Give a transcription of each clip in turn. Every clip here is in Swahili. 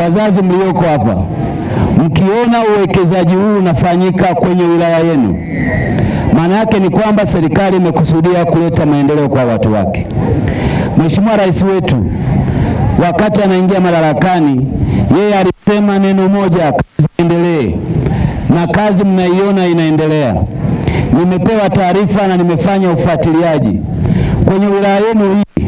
wazazi mlioko hapa, mkiona uwekezaji huu unafanyika kwenye wilaya yenu, maana yake ni kwamba serikali imekusudia kuleta maendeleo kwa watu wake. Mheshimiwa Rais wetu wakati anaingia madarakani, yeye alisema neno moja, kazi endelee na kazi mnaiona inaendelea. Nimepewa taarifa na nimefanya ufuatiliaji kwenye wilaya yenu hii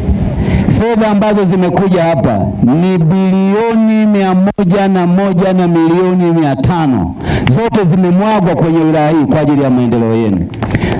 fedha ambazo zimekuja hapa ni bilioni mia moja na moja na milioni mia tano zote zimemwagwa kwenye wilaya hii kwa ajili ya maendeleo yenu.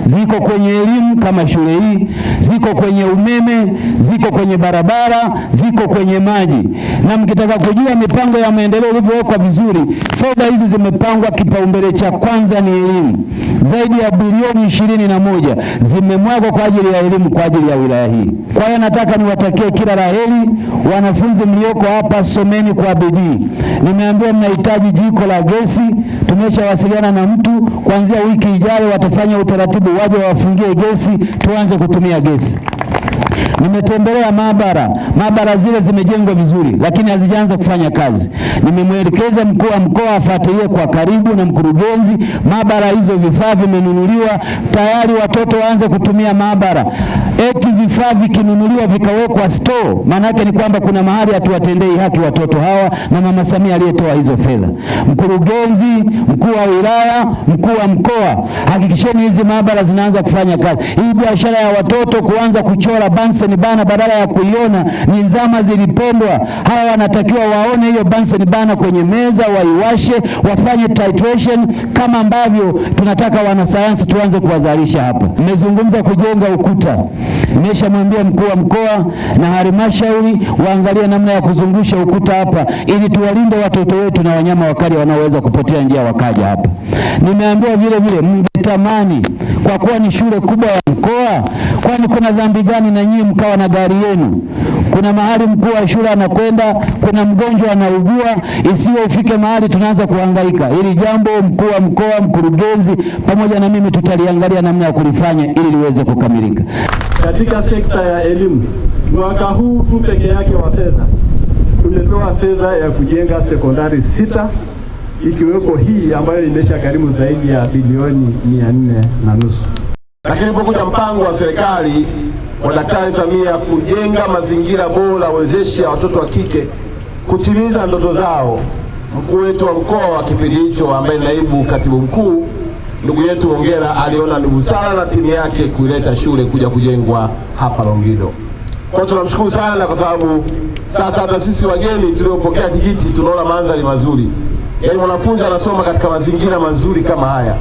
Ziko kwenye elimu kama shule hii, ziko kwenye umeme, ziko kwenye barabara, ziko kwenye maji. Na mkitaka kujua mipango ya maendeleo ilivyowekwa vizuri, fedha hizi zimepangwa, kipaumbele cha kwanza ni elimu zaidi ya bilioni ishirini na moja zimemwagwa kwa ajili ya elimu kwa ajili ya wilaya hii. Kwa hiyo nataka niwatakie kila laheri wanafunzi mlioko hapa, someni kwa bidii. Nimeambiwa mnahitaji jiko la gesi, tumeshawasiliana na mtu, kuanzia wiki ijayo watafanya utaratibu, waje wawafungie gesi, tuanze kutumia gesi. Nimetembelea maabara, maabara zile zimejengwa vizuri, lakini hazijaanza kufanya kazi. Nimemwelekeza mkuu wa mkoa afuatilie kwa karibu na mkurugenzi maabara hizo, vifaa vimenunuliwa tayari, watoto waanze kutumia maabara. Eti vifaa vikinunuliwa vikawekwa store, maanake ni kwamba kuna mahali hatuwatendei haki watoto hawa na mama Samia aliyetoa hizo fedha. Mkurugenzi, mkuu wa wilaya, mkuu wa mkoa, hakikisheni hizi maabara zinaanza kufanya kazi. Hii biashara ya watoto kuanza kuchora Bunsen bana badala ya kuiona ni zama zilipendwa. Hawa wanatakiwa waone hiyo Bunsen bana kwenye meza, waiwashe, wafanye titration kama ambavyo tunataka wanasayansi tuanze kuwazalisha hapa. Nimezungumza kujenga ukuta, nimeshamwambia mkuu wa mkoa na halmashauri waangalie namna ya kuzungusha ukuta hapa ili tuwalinde watoto wetu na wanyama wakali wanaoweza kupotea njia wakaja hapa. Nimeambiwa vile vile tamani kwa kuwa ni shule kubwa ya mkoa. Kwani kuna dhambi gani na nyinyi mkawa na gari yenu? Kuna mahali mkuu wa shule anakwenda, kuna mgonjwa anaugua, isiwe ifike mahali tunaanza kuhangaika. ili jambo mkuu wa mkoa, mkurugenzi, pamoja na mimi tutaliangalia namna ya kulifanya ili liweze kukamilika. Katika sekta ya elimu, mwaka huu tu peke yake wa fedha tumepewa fedha ya kujenga sekondari sita ikiwepo hii ambayo imesha karibu zaidi ya bilioni mia nne na nusu. Lakini pokuja mpango wa serikali wa Daktari Samia kujenga mazingira bora wezeshi ya watoto wa kike kutimiza ndoto zao, mkuu wetu wa mkoa wa kipindi hicho ambaye naibu katibu mkuu ndugu yetu Ongera aliona ndugu sana na timu yake kuileta shule kuja kujengwa hapa Longido. Kwa tunamshukuru sana, kwa sababu sasa hata sisi wageni tuliopokea kijiti tunaona mandhari mazuri yaani mwanafunzi anasoma katika mazingira mazuri kama haya.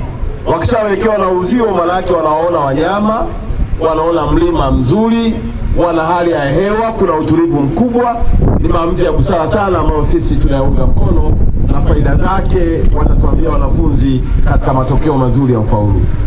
Wakishawekewa na uzio, maanake wanaona wanyama, wanaona mlima mzuri, wana hali ya hewa, kuna utulivu mkubwa. Ni maamuzi ya busara sana ambayo sisi tunayaunga mkono na faida zake watatuambia wanafunzi katika matokeo mazuri ya ufaulu.